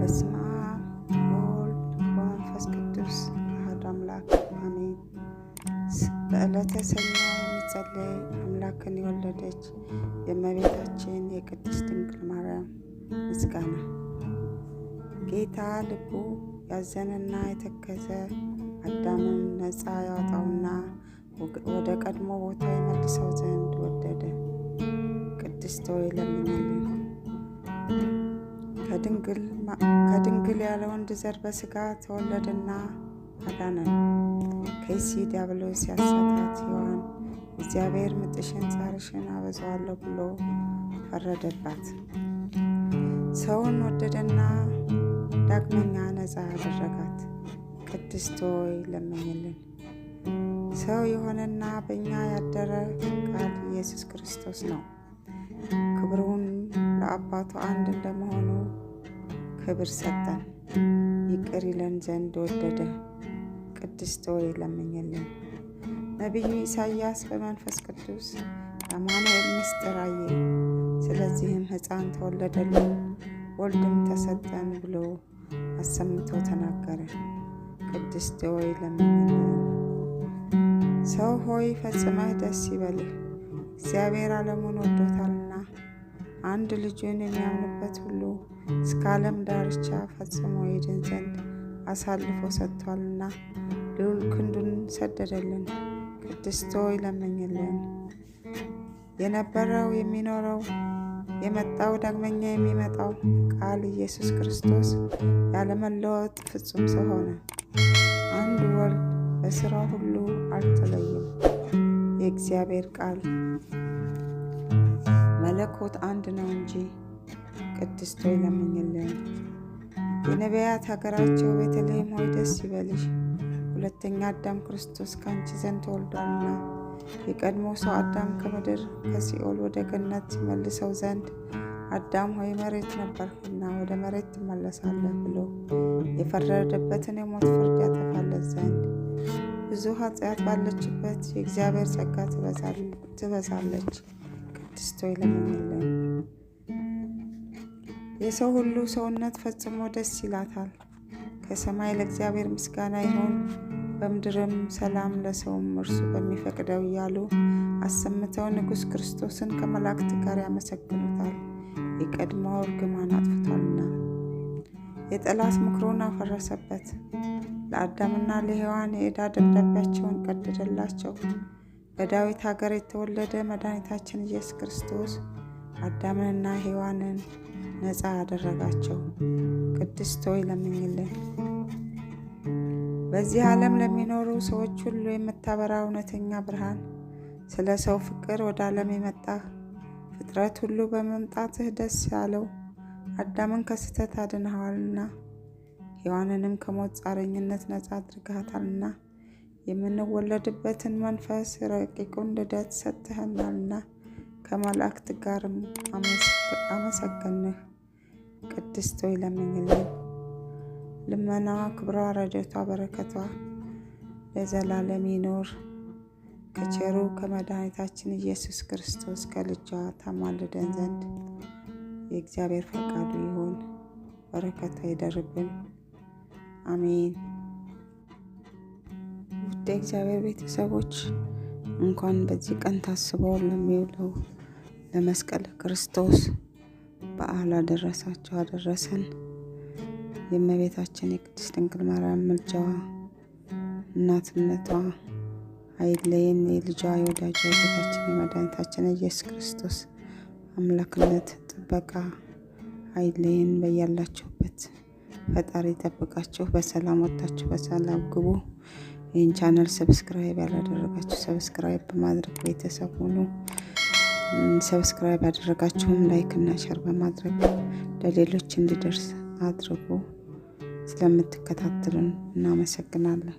በስመ አብ ወወልድ ወመንፈስ ቅዱስ አሐዱ አምላክ አሜን። በዕለተ ሰኞ የሚጸለይ አምላክን የወለደች የእመቤታችን የቅድስት ድንግል ማርያም ምስጋና። ጌታ ልቡ ያዘነና የተከዘ አዳምን ነፃ ያወጣውና ወደ ቀድሞ ቦታ የመልሰው ዘንድ ወደደ። ቅድስት ሆይ ለምኝልን። ከድንግል ያለ ወንድ ዘር በስጋ ተወለደና አዳነን። ከይሲ ዲያብሎስ ያሳታት ሔዋን እግዚአብሔር ምጥሽን ጻርሽን አበዛዋለሁ ብሎ ፈረደባት። ሰውን ወደደና ዳግመኛ ነፃ አደረጋት። ቅድስት ሆይ ለመኝልን! ሰው የሆነና በእኛ ያደረ ቃል ኢየሱስ ክርስቶስ ነው። ክብሩን ለአባቱ አንድ እንደመሆኑ ክብር ሰጠን፣ ይቅር ይለን ዘንድ ወደደ። ቅድስት ሆይ ለምኝልን። ነቢዩ ኢሳያስ በመንፈስ ቅዱስ አማኑኤል ምስጢር አየ፣ ስለዚህም ሕፃን ተወለደልን ወልድም ተሰጠን ብሎ አሰምቶ ተናገረ። ቅድስት ሆይ ለምኝልን። ሰው ሆይ ፈጽመህ ደስ ይበልህ፣ እግዚአብሔር ዓለሙን ወዶታል አንድ ልጁን የሚያምንበት ሁሉ እስከ ዓለም ዳርቻ ፈጽሞ ይድን ዘንድ አሳልፎ ሰጥቷልና ልዑል ክንዱን ሰደደልን። ቅድስቶ ይለመኝልን የነበረው የሚኖረው የመጣው ዳግመኛ የሚመጣው ቃል ኢየሱስ ክርስቶስ ያለመለወጥ ፍጹም ሰው ሆነ። አንድ ወልድ በሥራ ሁሉ አልተለየም። የእግዚአብሔር ቃል መለኮት አንድ ነው እንጂ። ቅድስት ሆይ ለምኝልን። የነቢያት ሀገራቸው ቤተልሔም ሆይ ደስ ይበልሽ፣ ሁለተኛ አዳም ክርስቶስ ከአንቺ ዘንድ ተወልዷልና የቀድሞ ሰው አዳም ከምድር ከሲኦል ወደ ገነት መልሰው ዘንድ አዳም ሆይ መሬት ነበርክና ወደ መሬት ትመለሳለህ ብሎ የፈረደበትን የሞት ፍርድ ያጠፋለት ዘንድ ብዙ ኃጢአት ባለችበት የእግዚአብሔር ጸጋ ትበዛለች። አርቲስት ሆይ የሰው ሁሉ ሰውነት ፈጽሞ ደስ ይላታል። ከሰማይ ለእግዚአብሔር ምስጋና ይሆን በምድርም ሰላም ለሰውም እርሱ በሚፈቅደው እያሉ አሰምተው ንጉሥ ክርስቶስን ከመላእክት ጋር ያመሰግኑታል። የቀድሞ እርግማን አጥፍቷልና የጠላት ምክሩን አፈረሰበት። ለአዳምና ለሔዋን የዕዳ ደብዳቤያቸውን ቀደደላቸው። በዳዊት ሀገር የተወለደ መድኃኒታችን ኢየሱስ ክርስቶስ አዳምንና ሔዋንን ነፃ አደረጋቸው። ቅድስት ሆይ ለምኝልን። በዚህ ዓለም ለሚኖሩ ሰዎች ሁሉ የምታበራ እውነተኛ ብርሃን፣ ስለ ሰው ፍቅር ወደ ዓለም የመጣህ ፍጥረት ሁሉ በመምጣትህ ደስ ያለው አዳምን ከስህተት አድንሃዋልና ሔዋንንም ከሞት ጻረኝነት ነፃ አድርግሃታልና የምንወለድበትን መንፈስ ረቂቁን ልደት ሰጥተኸናልና ከመላእክት ጋርም አመሰገንህ። ቅድስት ሆይ ለምኝልን። ልመናዋ፣ ክብሯ፣ ረድኤቷ፣ በረከቷ ለዘላለም ይኖር። ከቸሩ ከመድኃኒታችን ኢየሱስ ክርስቶስ ከልጇ ታማልደን ዘንድ የእግዚአብሔር ፈቃዱ ይሁን። በረከቷ ይደርብን። አሜን። ውድ እግዚአብሔር ቤተሰቦች እንኳን በዚህ ቀን ታስበው ለሚውለው ለመስቀል ክርስቶስ በዓል አደረሳቸው አደረሰን። የእመቤታችን የቅድስት ድንግል ማርያም ምልጃዋ እናትነቷ አይለየን። የልጇ የወዳጅ የጌታችን የመድኃኒታችን ኢየሱስ ክርስቶስ አምላክነት ጥበቃ አይለየን። በያላችሁበት ፈጣሪ ጠብቃችሁ በሰላም ወጥታችሁ በሰላም ግቡ። ይህን ቻናል ሰብስክራይብ ያላደረጋችሁ ሰብስክራይብ በማድረግ ቤተሰብ ሁኑ። ሰብስክራይብ ያደረጋችሁም ላይክ እና ሸር በማድረግ ለሌሎች እንዲደርስ አድርጉ። ስለምትከታተሉን እናመሰግናለን።